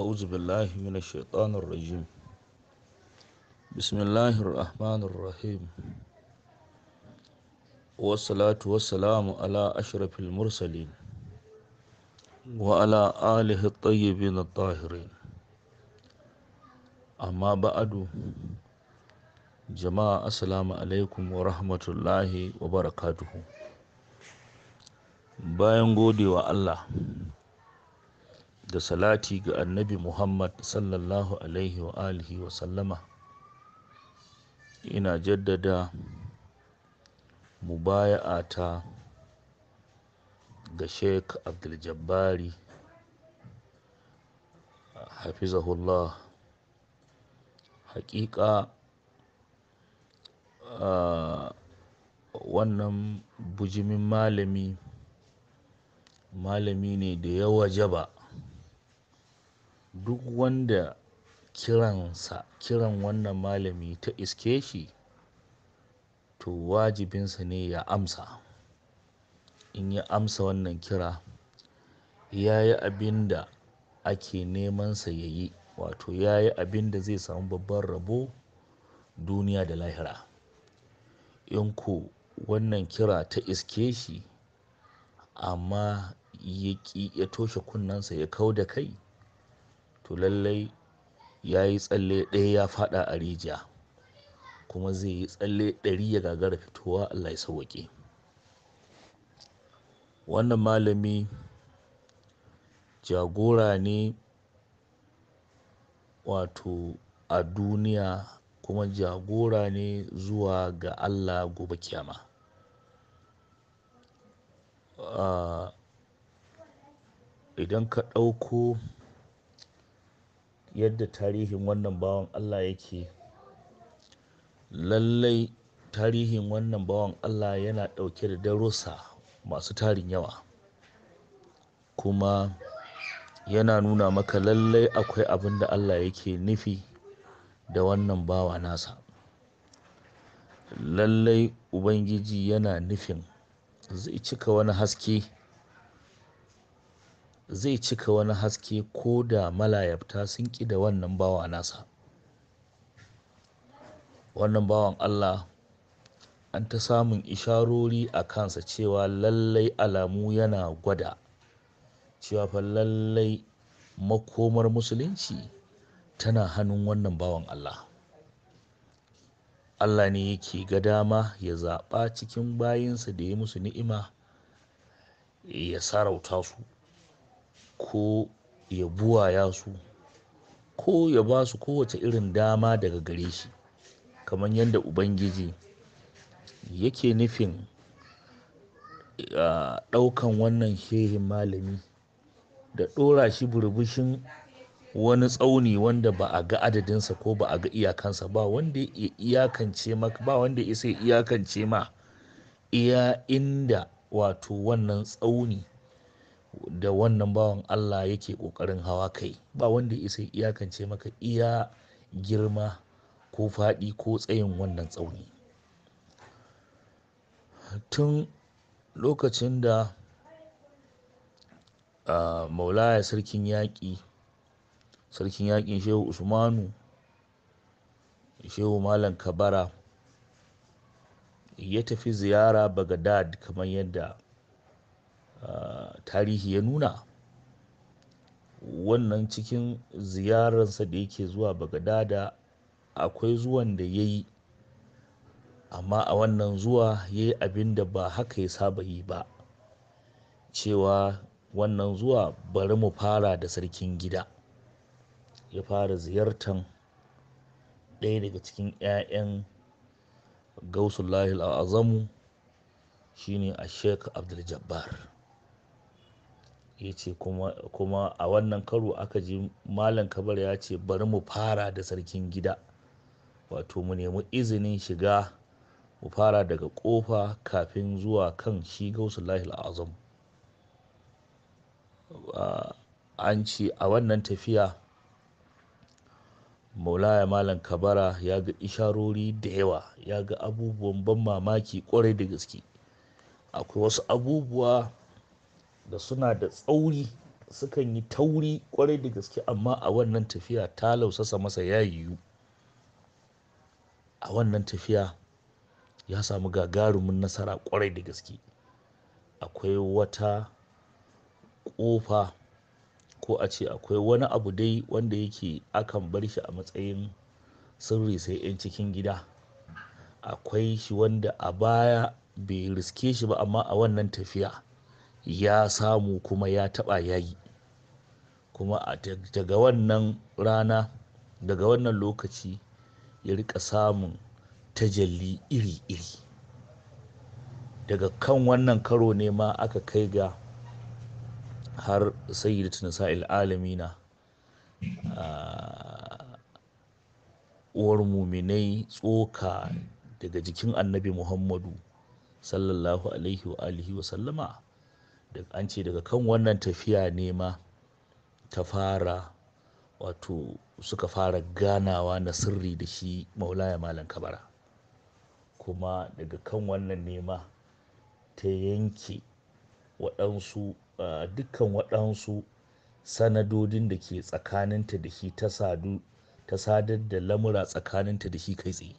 أعوذ بالله من الشيطان الرجيم بسم الله الرحمن الرحيم والصلاة والسلام على أشرف المرسلين وعلى آله الطيبين الطاهرين أما بعد jama'a assalamu alaikum wa rahmatullahi wa barakatuhu bayan godewa Allah da salati ga annabi Muhammad sallallahu Alaihi wa alihi wa sallama ina jaddada mubaya'ata ga Sheikh Abdul-Jabbari hafizahullah hakika wannan bujimin malami malami ne da ya wajaba duk wanda kiransa kiran wannan malami ta iske shi to wajibinsa ne ya amsa in ya amsa wannan kira ya yi abin da ake nemansa ya yi wato ya yi abin da zai samu babban rabo duniya da lahira in ku wannan kira ta iske shi amma ya ya toshe kunnensa ya kau da kai to lallai ya yi tsalle ɗaya ya faɗa a rijiya kuma zai yi tsalle ɗari ya gagara fitowa allah ya sauwaƙe wannan malami jagora ne wato a duniya kuma jagora ne zuwa ga allah gobe kyama ah, idan ka ɗauko yadda tarihin wannan bawan Allah yake lallai tarihin wannan bawan Allah yana ɗauke da darussa masu tarin yawa kuma yana nuna maka lallai akwai abin da Allah yake nufi da wannan bawa nasa lallai ubangiji yana nufin zai cika wani haske zai cika wani haske ko da malayafta sun ki da wannan bawa nasa wannan bawan allah an ta samun isharori a kansa cewa lallai alamu yana gwada cewa fa lallai makomar musulunci tana hannun wannan bawan allah allah ne yake ga dama ya zaɓa cikin bayinsa da ya musu ni'ima ya sarauta su ko ya buwa ya su ko ya ba su kowace irin dama daga gare shi kamar yadda ubangiji yake nufin ɗaukan wannan shehin malami da ɗora shi burbushin wani tsauni wanda ba a ga adadinsa ko ba a ga iyakansa ba wanda ya iyakance ma ba wanda ya sai iyakance ma iya inda wato wannan tsauni da wannan bawan Allah yake ƙoƙarin hawa kai ba wanda ya isa iyakance maka iya girma ko faɗi ko tsayin wannan tsauni tun lokacin da maulaya sarkin yaƙi sarkin yaƙin shehu usmanu shehu malam kabara ya tafi ziyara bagadad kamar yadda tarihi ya nuna wannan cikin ziyararsa da yake zuwa Baga bagadada akwai zuwan da ya yi amma a wannan zuwa ya yi abin da ba haka ya saba yi ba cewa wannan zuwa bari mu fara da sarkin gida ya fara ziyartan ɗaya daga cikin 'ya'yan gausullahi azamu shine a sheik abdul jabbar ya ce kuma a wannan karo aka ji malam kabar ya ce bari mu fara da sarkin gida wato mu nemi izinin shiga mu fara daga kofa kafin zuwa kan shi gausullahi azam an ce a wannan tafiya maulaya malam kabara ya ga isharori da yawa ya ga abubuwan ban mamaki kwarai da gaske akwai wasu abubuwa da suna da tsauri sukan yi tauri kwarai da gaske amma a wannan tafiya ta lausasa masa ya yiwu a wannan tafiya ya samu gagarumin nasara kwarai da gaske akwai wata ƙofa ko a ce akwai wani abu dai wanda yake akan bar shi a matsayin sirri sai 'yan cikin gida akwai shi wanda a baya bai riske shi ba amma a wannan tafiya ya samu kuma ya taɓa yayi kuma daga wannan rana daga wannan lokaci ya rika samun tajalli iri-iri daga kan wannan karo ne ma aka kai ga har nasa sa'il alamina uwar muminai tsoka daga jikin annabi muhammadu sallallahu alaihi wa alihi wa sallama an ce daga kan wannan tafiya nema ta fara wato suka fara ganawa na sirri da shi maulaya malam kabara kuma daga kan wannan nema ta yanke waɗansu dukkan waɗansu sanadodin da ke tsakaninta da shi ta sadu ta sadar da lamura tsakaninta da shi kai tsaye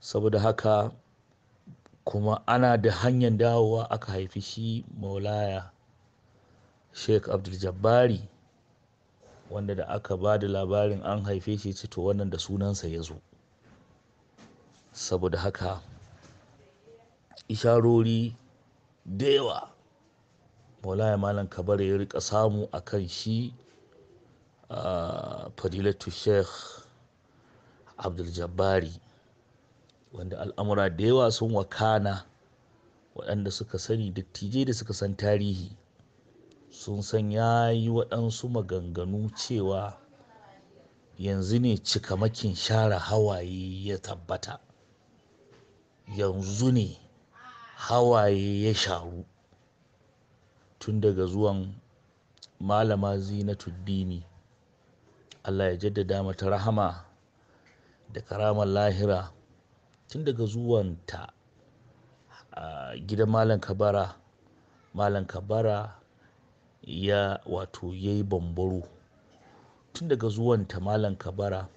saboda haka kuma ana da hanyar dawowa aka haifi shi maulaya sheik abdul-jabbari wanda da aka ba da labarin an haife shi ce wannan da sunansa ya zo saboda haka isharori da yawa maulaya malam kabar ya rika samu a kan shi ah, fadilatu sheikh abdul-jabbari wanda al'amura da yawa sun wakana waɗanda suka sani dattijai da suka san tarihi sun san ya yi waɗansu maganganu cewa yanzu ne cikamakin share hawaye ya tabbata yanzu ne hawaye ya sharu tun daga zuwan malama zinatuddini allah ya jaddada mata rahama da karamar lahira tun daga zuwanta a gidan malam kabara malam kabara ya wato ya yi bambaro tun daga zuwanta malam kabara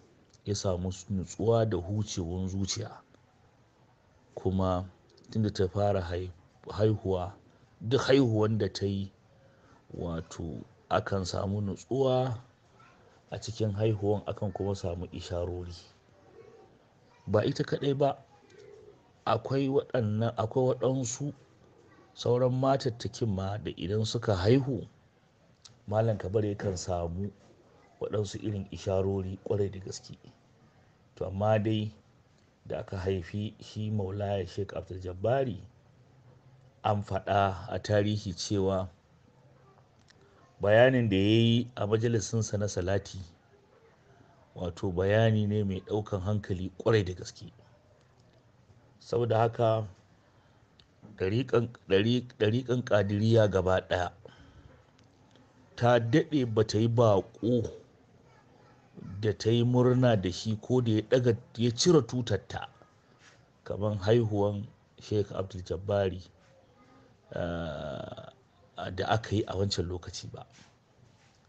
ya samu nutsuwa da hucewan zuciya kuma tunda ta fara haihuwa duk haihuwan da ta yi wato akan samu nutsuwa a cikin haihuwan akan kuma samu isharori ba ita kaɗai ba akwai waɗannan akwai waɗansu sauran matattakin ma da idan suka haihu malam kabar kan samu waɗansu irin isharori ƙwarai da gaske to amma dai da aka haifi shi maulaya sheik abdul jabbari an faɗa a tarihi cewa bayanin da ya yi a majalisinsa na salati wato bayani ne mai ɗaukan hankali kwarai da gaske saboda haka ɗariƙan ƙadiriya gaba ɗaya ta daɗe ba ta yi baƙo da ta yi murna da shi ko da ya ɗaga ya cire tutarta kamar haihuwan sheik abdul jabbari eh, da aka yi a wancan lokaci ba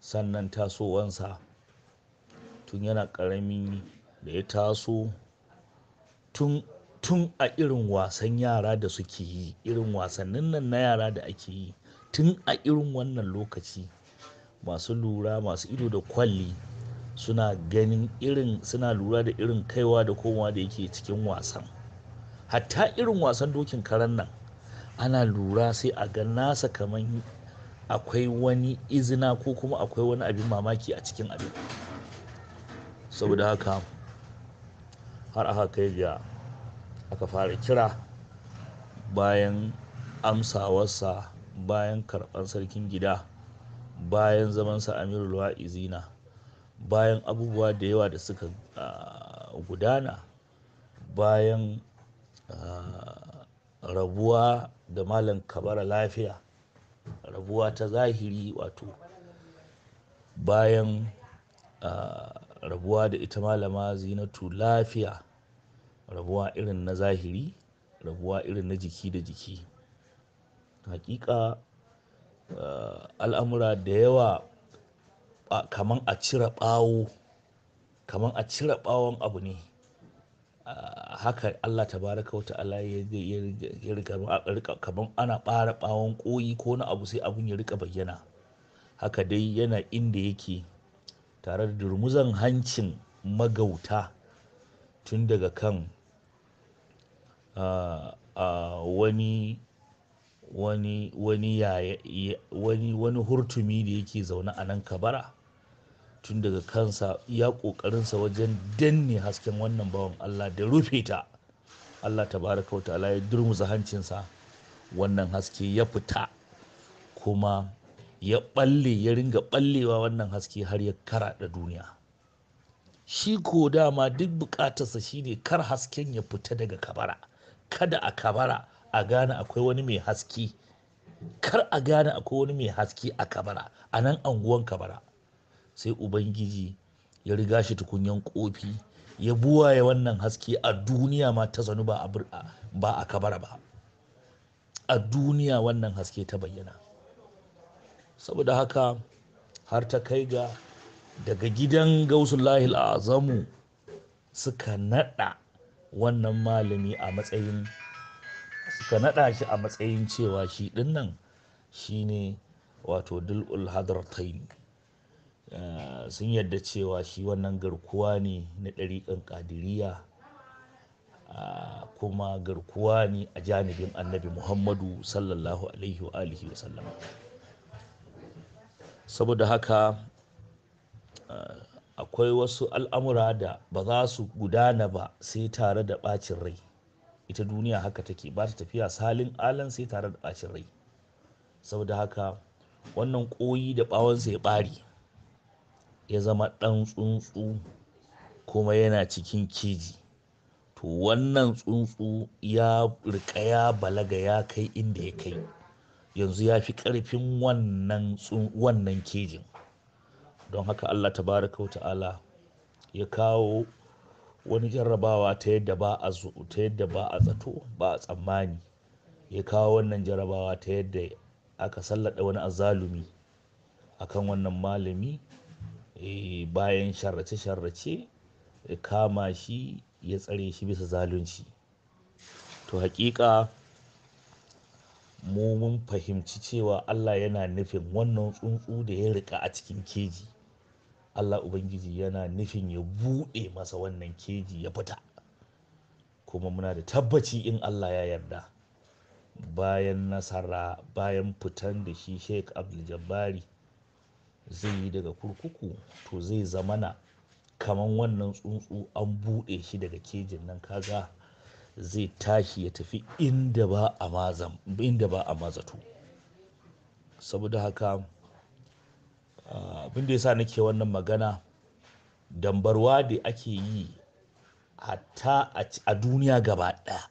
sannan tasowansa tun yana ƙarami da ya taso tun tun a irin wasan yara da suke yi irin wasannin nan na yara da ake yi tun a irin wannan lokaci masu lura masu ido da kwalli suna ganin irin suna lura da irin kaiwa da komawa da yake cikin wasan hatta irin wasan dokin karen nan ana lura sai a ga nasa kamar akwai wani izina ko kuma akwai wani abin mamaki a cikin abin saboda haka har aka kai ga aka fara kira bayan amsawarsa bayan karɓar sarkin gida bayan zamansa amirul izina, bayan abubuwa da yawa da suka gudana bayan rabuwa da malam kabara lafiya rabuwa ta zahiri wato bayan rabuwa da ita malama zinatu lafiya rabuwa irin na zahiri rabuwa irin na jiki da jiki hakika eh, al'amura da yawa kamar a cire ɓawo kaman a cire ɓawon abu ne haka allah ta wa ta'ala ya rika kamar ana ɓara ɓawon ƙoyi ko na abu sai abun ya rika bayyana haka dai yana inda yake tare da durmuzan hancin magauta tun daga kan wani wani wani wani wani hurtumi da yake zaune a nan kabara tun daga kansa ya ƙoƙarinsa wajen danne hasken wannan bawan Allah da rufe ta Allah ta baraka wa ta'ala ya durmusa hancinsa wannan haske ya fita kuma ya balle ya ringa ballewa wannan haske har ya kara da duniya shi ko dama duk bukatarsa shine kar hasken ya fita daga kabara kada a kabara a gane akwai wani mai haski kar a gane akwai wani mai haske a kabara a nan anguwan kabara sai ubangiji ya riga shi tukunyan kofi ya buwaye wannan haske a duniya ma ta zanu ba a kabara ba a duniya wannan haske ta bayyana saboda haka har ta kai ga daga gidan gausun lahil azamu suka naɗa. wannan malami a matsayin suka naɗa shi a matsayin cewa shi ɗin nan shi ne wato dul'ul hadartain eh, sun yadda cewa shi wannan garkuwa ne na ɗariƙan ƙadiriya ah, kuma garkuwa ne a janibin annabi muhammadu sallallahu alaihi wa alihi saboda haka ah, akwai wasu al'amura da ba za su gudana ba sai tare da ɓacin rai ita duniya haka take ba ta tafiya salin alan sai tare da ɓacin rai saboda haka wannan koyi da ɓawansa ya ɓari ya zama ɗan tsuntsu kuma yana cikin keji to wannan tsuntsu ya rika ya balaga ya kai inda ya kai yanzu ya fi ƙarfin wannan kejin don haka allah ta baraka wa ta'ala ya kawo wani jarrabawa ta yadda ba a ta yadda ba a zato ba a tsammani ya kawo wannan jarrabawa ta yadda aka sallada wani azalumi akan wannan malami eh, bayan sharrace-sharrace kama shi ya tsare shi bisa zalunci to hakika mu mun fahimci cewa allah yana nufin wannan tsuntsu da ya rika a cikin keji Allah Ubangiji yana nufin ya buɗe masa wannan keji ya fita kuma muna da tabbaci in Allah ya yarda bayan nasara bayan fitan da shi Sheikh Abdul Jabbari zai yi daga kurkuku to zai zamana kaman wannan tsuntsu an buɗe shi daga kejin nan kaza zai tashi ya tafi inda ba a mazato saboda haka abin da ya yasa nake wannan magana dambarwa da ake yi hatta a duniya gaba ɗaya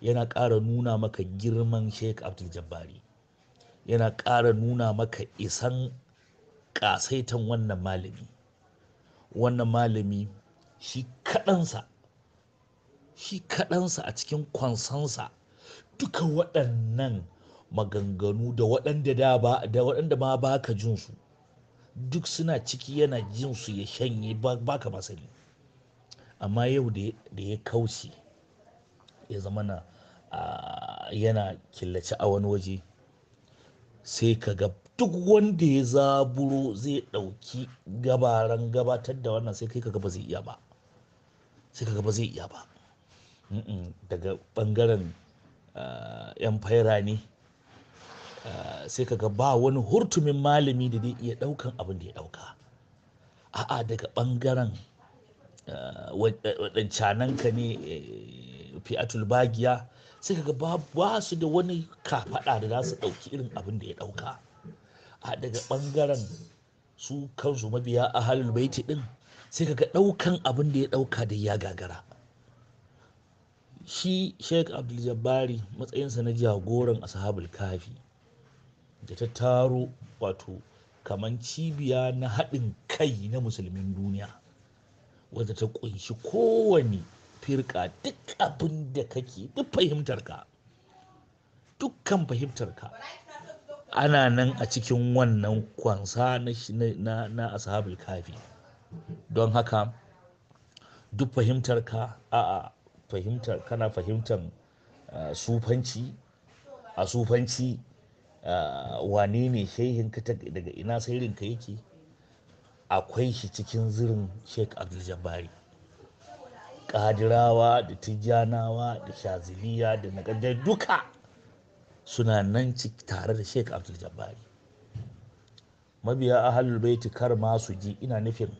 yana ƙara nuna maka girman sheik abdul jabbari yana ƙara nuna maka isan ƙasaitan wannan malami wannan malami shi kaɗansa shi kaɗansa a cikin kwansansa duka waɗannan maganganu da waɗanda ma ba da waɗanda ma baka jin su duk suna ciki yana jin su ya shanye ba baka masani amma yau da ya kauce ya zama na yana killace a wani waje sai ka ga duk wanda ya zaburo zai ɗauki gabaran gabatar da wannan sai kai ka ba zai iya ba sai ka ba zai iya ba daga ɓangaren 'yan fayra ne Eh, sai kaga ba wani hurtumin malami da zai iya ɗaukan abin da ya ɗauka a'a daga bangaren ɓangaren eh, eh, ka ne fi'atul bagiya sai kaga ba su da wani kafaɗa da za su ɗauki irin abin da ya ɗauka a daga ɓangaren su kansu mabiya a halin baiti ɗin sai kaga ɗaukan abin da ya ɗauka da ya gagara shi sheik abdul jabbari matsayinsa na jagoran ashabul kafi da ta taro wato kamar cibiya na haɗin kai na musulmin duniya wadda ta ƙunshi kowane firka duk abin da kake duk fahimtarka dukkan fahimtarka ana nan a cikin wannan kwansa na, na, ashabul kafi don haka duk fahimtarka a fahimtar kana fahimtar ah, sufanci a sufanci Ah, wane ne shehinka daga ina sairinka yake akwai shi cikin zirin sheik abdul Ƙadirawa da tijjanawa da shaziliya da nagadai duka suna nan tare da sheik abdul mabiya ahalul baiti kar ma su ji ina nufin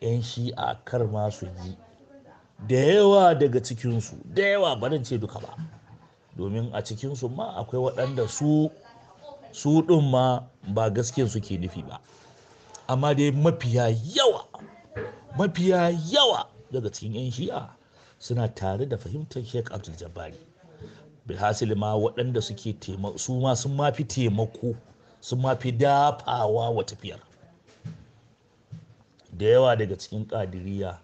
'yan a kar ma su ji da yawa daga cikinsu da yawa barin ce duka ba domin a cikinsu ma akwai waɗanda su su ɗin ma ba gaskiyan suke nufi ba amma dai mafiya yawa mafiya yawa daga cikin 'yan shi'a suna tare da fahimtar sheik abdul jabari ma waɗanda suke su ma sun mafi taimako sun mafi dafawa wa tafiyar da yawa daga cikin ƙadiriya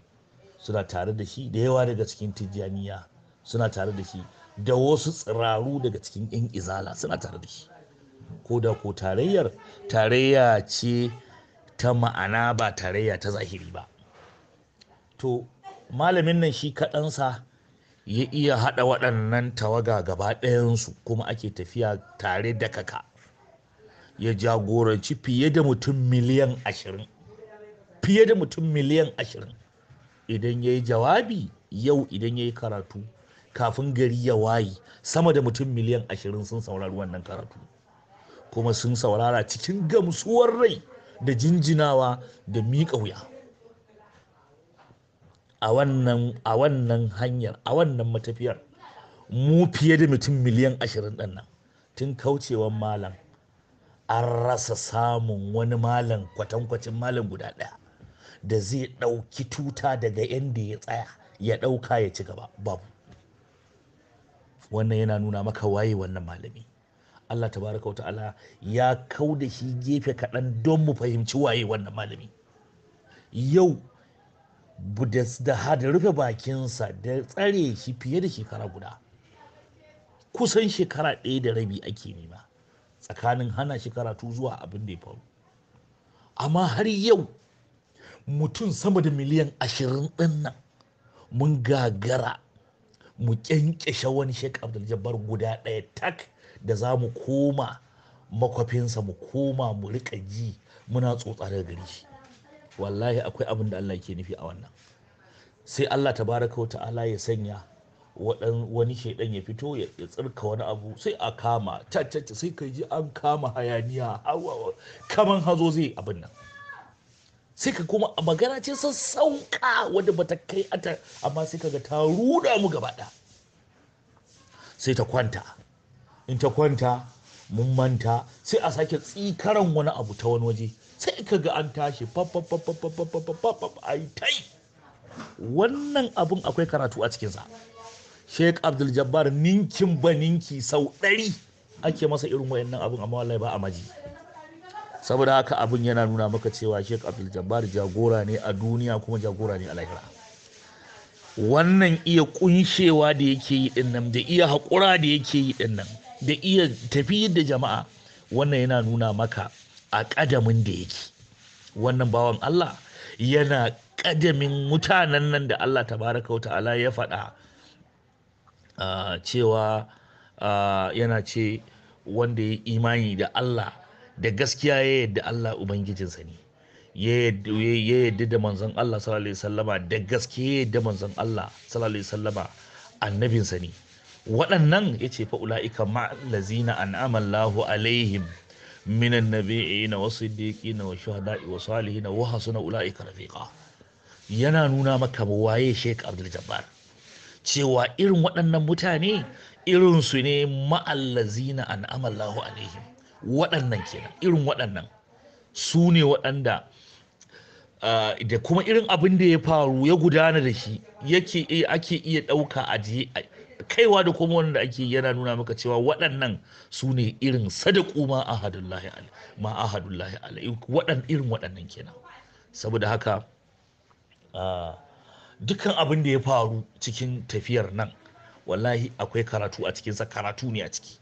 suna tare da shi da yawa daga cikin tijjaniya suna tare da shi da wasu tsiraru daga cikin 'yan izala suna tare da shi ko da ko tarayyar tarayya ce ta ma'ana ba tarayya ta zahiri ba to malamin nan shi kaɗansa ya iya haɗa waɗannan tawaga gaba ɗayansu kuma ake tafiya tare da kaka ya jagoranci fiye da mutum miliyan ashirin fiye da mutum miliyan ashirin idan ya yi jawabi yau idan ya yi karatu kafin gari ya wayi sama da mutum miliyan ashirin sun saurari wannan karatu kuma sun saurara cikin gamsuwar rai da jinjinawa da miƙa wuya a wannan hanyar a wannan matafiyar mu fiye da mutum miliyan ashirin ɗan nan tun kaucewan malam an rasa samun wani malam kwatankwacin malam guda ɗaya da zai ɗauki tuta daga yadda ya tsaya ya ɗauka ya ci gaba babu wannan yana nuna maka waye wannan malami Allah tabaraka wa ta'ala ya kau da shi gefe kaɗan don mu fahimci waye wannan malami yau da da rufe bakinsa da tsare shi fiye da shekara guda kusan shekara ɗaya da rabi ake nema tsakanin hana shi karatu zuwa abin da ya faru amma har yau mutum sama da miliyan ashirin ɗin nan mun gagara mu kyankyashe wani shek Abdul Jabbar guda ɗaya tak da za mu koma makwafinsa mu koma mu rika ji muna tsotsa daga gari shi wallahi akwai abin da Allah ke nufi a wannan sai Allah ta wa ta'ala ya sanya wani shaidan ya fito ya tsirka wani abu sai a kama sai ka ji an kama hayaniya kaman hazo zai abin nan sai ka kuma a magana ce sun sauka wadda bata kai ata amma sai ka ga ta ruda mu gaba sai ta kwanta in ta kwanta mun manta sai a sake tsikaran wani abu ta wani waje sai ka ga an tashi ai tai wannan abun akwai karatu a cikinsa sheik abdul jabbar ninkin ba ninki sau ɗari ake masa irin wayannan abun amma wallahi ba a maji saboda haka abin yana nuna maka cewa Sheikh abdul jagora ne a duniya kuma jagora ne a lahira wannan iya kunshewa da yake yi din nan da iya haƙura da yake yi din nan da iya tafi da jama'a wannan yana nuna maka a ƙadamin da yake wannan bawan Allah yana ƙadamin mutanen nan da Allah tabaraka wa ta'ala ya faɗa ah, cewa ah, yana ce wanda ya imani da Allah da gaskiya ya yadda Allah ubangijinsa ne ya yadda da manzon Allah sallallahu alaihi wasallama da gaskiya ya yadda manzon Allah sallallahu alaihi wasallama annabinsa ne waɗannan ya ce fa ula'ika ma'allazina an'ama lahu alaihim minan na wasu nabiyina na wasu wa na wa na Ula hasuna ula'ika rafiqa yana nuna maka waye shek Abdul Jabbar cewa irin waɗannan mutane irinsu ne ma'allazina an'ama lahu alaihim waɗannan kenan irin waɗannan su ne waɗanda da kuma irin abin da ya faru ya gudana da shi yake eh, ake iya ɗauka a je kaiwa da kuma wanda ake yana nuna maka cewa waɗannan su ne irin sadaku ma ahadullahi ma ahadullahi irin waɗannan kenan saboda haka dukkan abin da ya faru cikin tafiyar nan wallahi akwai karatu a cikinsa karatu ne a ciki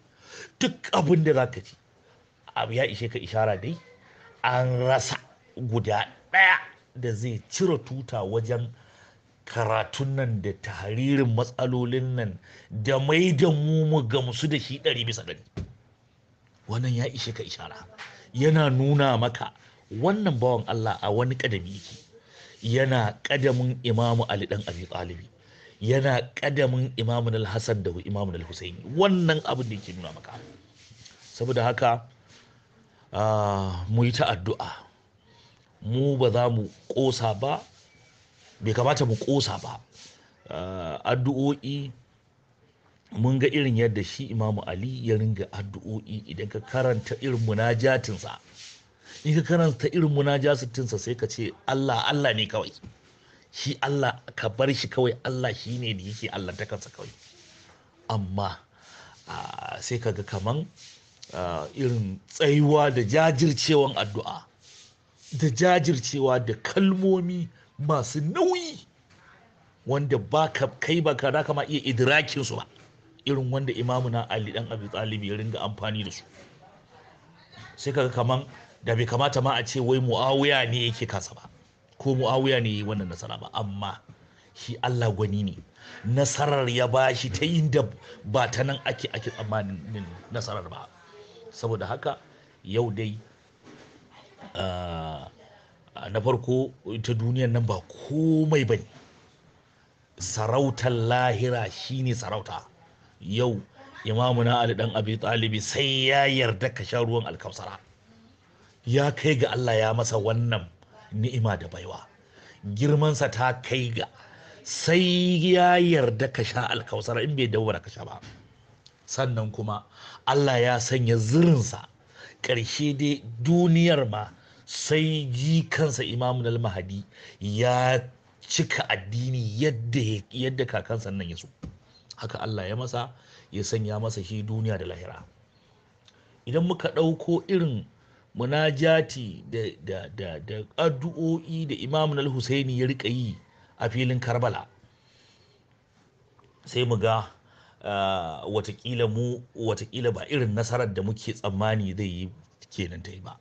duk abin da za ka ci abu ya ishe ka ishara dai an rasa guda ɗaya da zai cire tuta wajen karatun nan da tahririn matsalolin nan da mai da mu mu gamsu da shi ɗari bisa ɗari wannan ya ishe ka ishara yana nuna maka wannan bawan Allah a wani ƙadami yake yana ƙadamin imamu Ali ɗan Abi Talibi yana ƙadamin imamu al hasan da imamu Al-Husaini wannan abin da yake nuna maka saboda haka Ah, mu yi ta addu'a mu ba za mu ƙosa ba bai kamata mu ƙosa ba ah, addu'o'i mun ga irin yadda shi imamu ali ya ringa addu'o'i idan ka karanta irin munajatinsa in ka karanta irin munajatinsa sai ka ce allah allah ne kawai shi allah ka bar shi kawai allah shi ne da yake allah ta kansa kawai amma ah, sai ka ga kaman Ah, irin tsayuwa da jajircewan addu'a da jajircewa da kalmomi masu nauyi wanda ba ka kai ba ka raka ma iya idrakin su ba irin wanda na ali dan abi talib ya ringa amfani da su sai kaga kaman da bai kamata ma a ce wai muawiya ne yake kasa ba ko muawiya ne yi wannan nasara ba amma shi Allah gwani ne nasarar ya bashi ta inda ba ta nan ake ake tsammanin nasarar ba saboda haka yau dai na farko ta duniyan nan ba komai ba ne sarautar lahira shine sarauta yau imamuna ali dan abi talibi sai ya yarda ka sha ruwan alkausara ya kai ga allah ya masa wannan ni'ima da baiwa girmansa ta kai ga sai ya yarda ka sha alkausara in bai dawo ba ka sha ba sannan kuma Allah ya sanya zirinsa ƙarshe dai duniyar ma sai ji kansa imamun al-mahadi ya cika addini yadda yadda kakansa nan ya so haka Allah ya masa ya sanya masa shi duniya da lahira idan muka ɗauko irin munajati da da addu'o'i da imamun al-husaini ya riƙa yi a filin karbala sai mu ga Ah, watakila mu watakila ba irin nasarar da muke tsammani zai yi kenan ta yi ba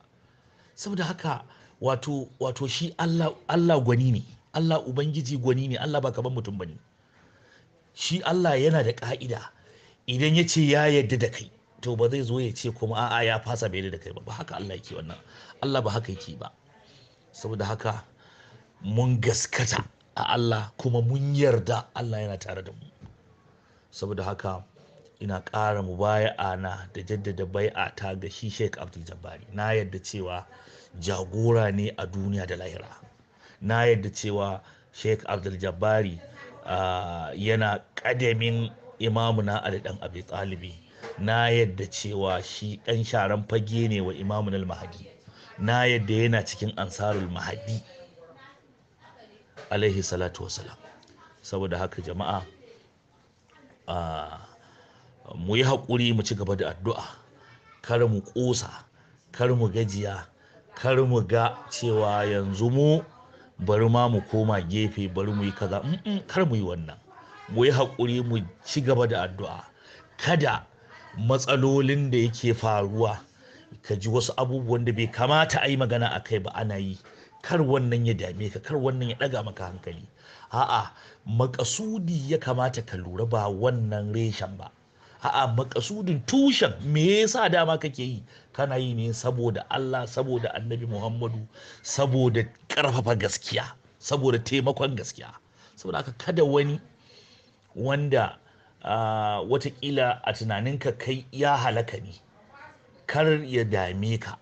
saboda haka wato wato shi Allah gwani ne Allah ubangiji gwani ne Allah ba ban mutum bane shi Allah yana da ka'ida idan ya ce ya yadda da kai to ba zai zo ya ce kuma a'a ya fasa bai da kai ba ba haka Allah yake wannan Allah ba haka yake ba saboda haka mun gaskata a Allah kuma mun yarda Allah yana tare da mu saboda haka ina ƙara mubaya'a na da jaddada bai'ata ga shi Sheikh Abdul Jabbari na yadda cewa jagora ne a duniya da lahira na yadda cewa Sheikh Abdul Jabbari yana ƙadamin imamuna Ali dan Abi Talibi na yadda cewa shi ɗan sharan fage ne wa imamun al-mahadi na yadda yana cikin ansarul mahadi alaihi salatu wasalam saboda haka jama'a mu yi haƙuri mu ci gaba da addu'a kar mu ƙosa kar mu gajiya kar mu ga cewa yanzu mu bari ma mu koma gefe bari mu yi kaza kar mu yi wannan mu yi haƙuri mu ci gaba da addu'a kada matsalolin da yake faruwa ka ji wasu abubuwan da bai kamata a yi magana a kai ba ana yi kar wannan ya dame ka kar wannan ya ɗaga maka hankali a'a makasudi ya kamata ka lura ba wannan reshen ba a'a makasudin tushen me yasa dama kake yi kana yi ne saboda Allah saboda annabi Muhammadu saboda karfafa gaskiya saboda taimakon gaskiya saboda aka kada wani wanda watakila a tunaninka kai ya halaka ne kar ya dame ka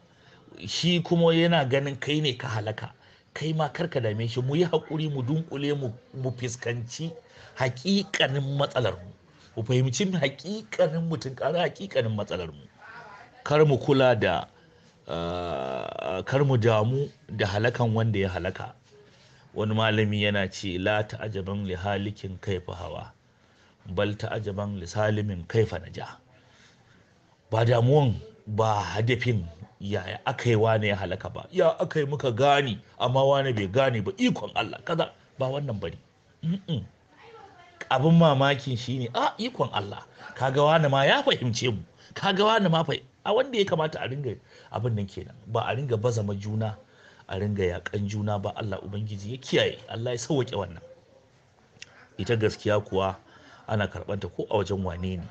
shi kuma yana ganin kai ne ka halaka kai ma karka dame shi mu yi haƙuri mu dunkule mu fuskanci haƙiƙanin matsalar mu mu fahimci mu haƙiƙanin mutum ƙara haƙiƙanin matsalar mu kar mu kula da ah, kar mu damu da halakan wanda ya halaka wani malami yana ce la ta'ajaban li halikin kaifa hawa bal ta'ajaban li salimin kaifa naja ba damuwan ba hadafin yaya aka yi wane ya halaka ba ya aka yi muka gane amma wane bai gane ba ikon Allah kaza ba wannan bari abin mamakin shi ne. a ikon Allah kaga wane ma ya fahimce mu kaga wane ma a wanda ya kamata a ringa abin nan kenan ba a ringa baza ma juna a ringa yakan juna ba Allah ubangiji ya kiyaye Allah ya sauke wannan ita gaskiya kuwa ana karɓanta ko a wajen wane ne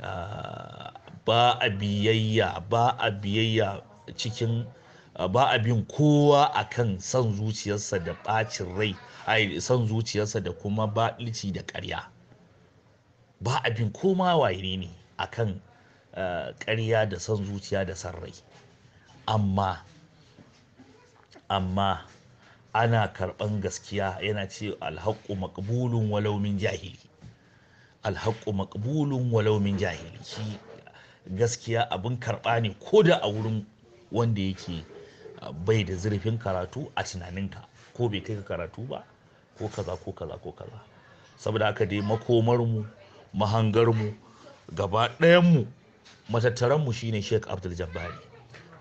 ba a biyayya ba a biyayya cikin ba bin kowa a kan son zuciyarsa da bacin rai ai son zuciyarsa da kuma baɗici da ƙarya ba bin koma waye ne kan eh, ƙarya da son zuciya da son rai amma amma ana karɓan gaskiya yana ce alhaƙu maƙabulun Walaumin jahili alhaƙu maƙbulun walau min jahili shi gaskiya abin karɓa ne ko da a wurin wanda yake bai da zurfin karatu a tunaninka ko bai kai ka karatu ba ko kaza ko kaza ko kaza saboda haka dai makomarmu mahangarmu gaba ɗayanmu matattaranmu shine sheik abdul jabbari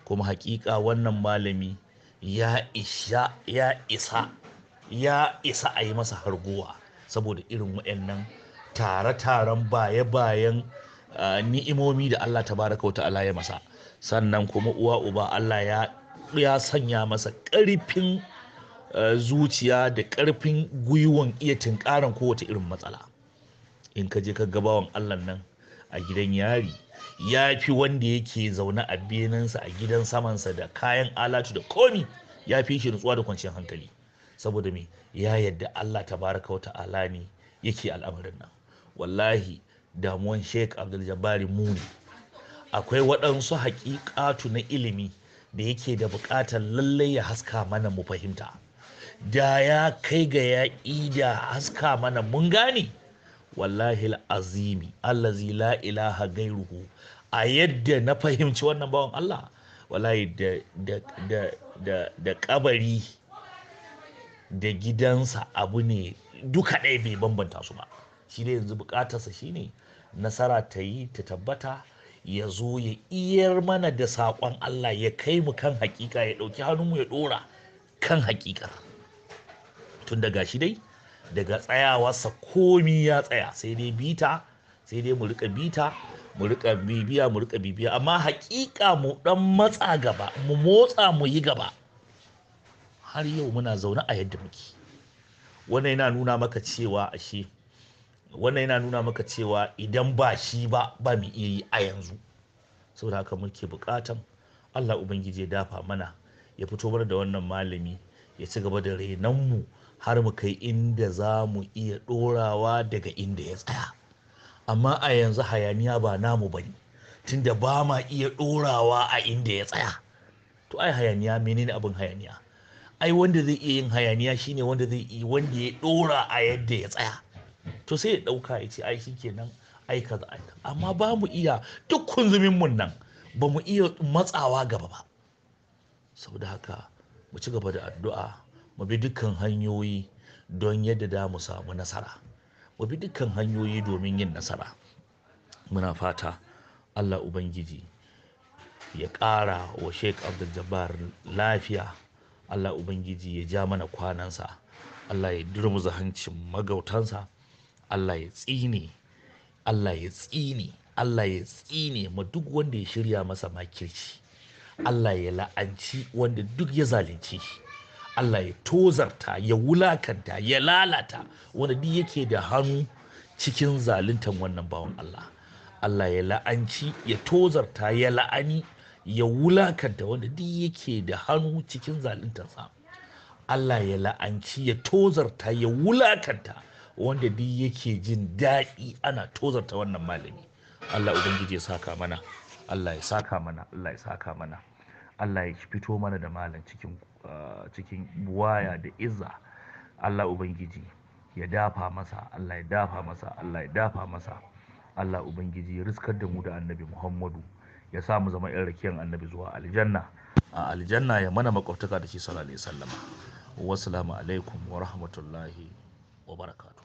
kuma haƙiƙa wannan malami ya isa ya a yi masa harguwa saboda irin waɗannan tare-taren baye bayan ni'imomi da Allah ta baraka wa ta'ala ya masa sannan kuma uwa uba Allah ya ya sanya masa ƙarfin zuciya da ƙarfin gwiwan iya tunkaran kowace irin matsala in ka je ka gabawan Allah nan a gidan yari ya fi wanda yake zaune a benansa a gidan samansa da kayan alatu da komi ya fi shi nutsuwa da kwanciyar hankali saboda me ya yadda Allah ta baraka wata ta'ala ne yake al'amarin nan wallahi damuwan sheik abdul-jabari muni akwai waɗansu haƙiƙatu na ilimi da yake da buƙatar lallai ya haska mana mu fahimta da ya kai ga ya da haska mana mun gane wallahi azimi allazi la ilaha gairuhu a yadda na fahimci wannan bawan Allah wallahi da da da da da kabari da gidansa abu ne duka ɗaya bai bambanta su ba shi yanzu yanzu bukatarsa shine nasara ta yi ta tabbata ya zo ya iyar mana da saƙon Allah ya kai mu kan hakika ya ɗauki hannunmu ya ɗora kan hakika tun daga shi dai daga tsayawarsa komi ya tsaya sai dai bita sai dai mu rika bita mu rika bibiya mu rika bibiya amma hakika mu dan matsa gaba mu motsa mu yi gaba har yau muna zaune a yadda muke wannan yana nuna maka cewa ashe wannan yana nuna maka cewa idan ba shi ba ba mu iya yi a yanzu saboda haka muke bukatan allah ubangiji ya dafa mana ya fito mana da wannan malami ya ci gaba da renonmu har mu kai inda za mu iya ɗorawa daga inda ya tsaya amma a yanzu hayaniya ba namu ba bane tunda ba ma iya ɗorawa a inda ya tsaya to ai hayaniya menene abin hayaniya ai wanda zai iya yin hayaniya shine wanda zai iya wanda ya ɗora a yadda ya tsaya to sai ya ɗauka ya ce aiki kenan aika za aika amma ba mu iya duk kunzumin mun nan ba mu iya matsawa gaba ba saboda haka mu ci gaba da addu'a mu bi dukkan hanyoyi don yadda da mu samu nasara mu bi dukkan hanyoyi domin yin nasara muna fata allah ubangiji ya ƙara wa sheik abdul lafiya allah ubangiji ya ja mana kwanansa allah ya durmuza hancin magautansa Allah ya tsine Allah ya tsine Allah ya tsine ma duk wanda ya shirya masa makirci Allah ya la'anci wanda duk ya zalunci Allah ya tozarta ya wulakanta ya lalata wanda duk yake da hannu cikin zaluntan wannan bawan Allah Allah ya la'anci ya tozarta ya la'ani ya wulakanta wanda duk yake da hannu cikin zaluntansa Allah ya la'anci ya tozarta ya wulakanta wanda duk yake jin daɗi ana tozarta wannan malami Allah ubangiji ya saka mana Allah ya saka mana Allah ya saka mana Allah ya fito mana da malam cikin ah, cikin waya da izza Allah ubangiji ya dafa masa Allah ya dafa masa Allah ya dafa masa Allah ubangiji ya riskar da mu da annabi Muhammadu ya sa mu zama 'yan rakiyar annabi zuwa aljanna a aljanna ya mana makwabtaka da shi sallallahu alaihi wasallama wassalamu alaikum wa rahmatullahi wa barakatuh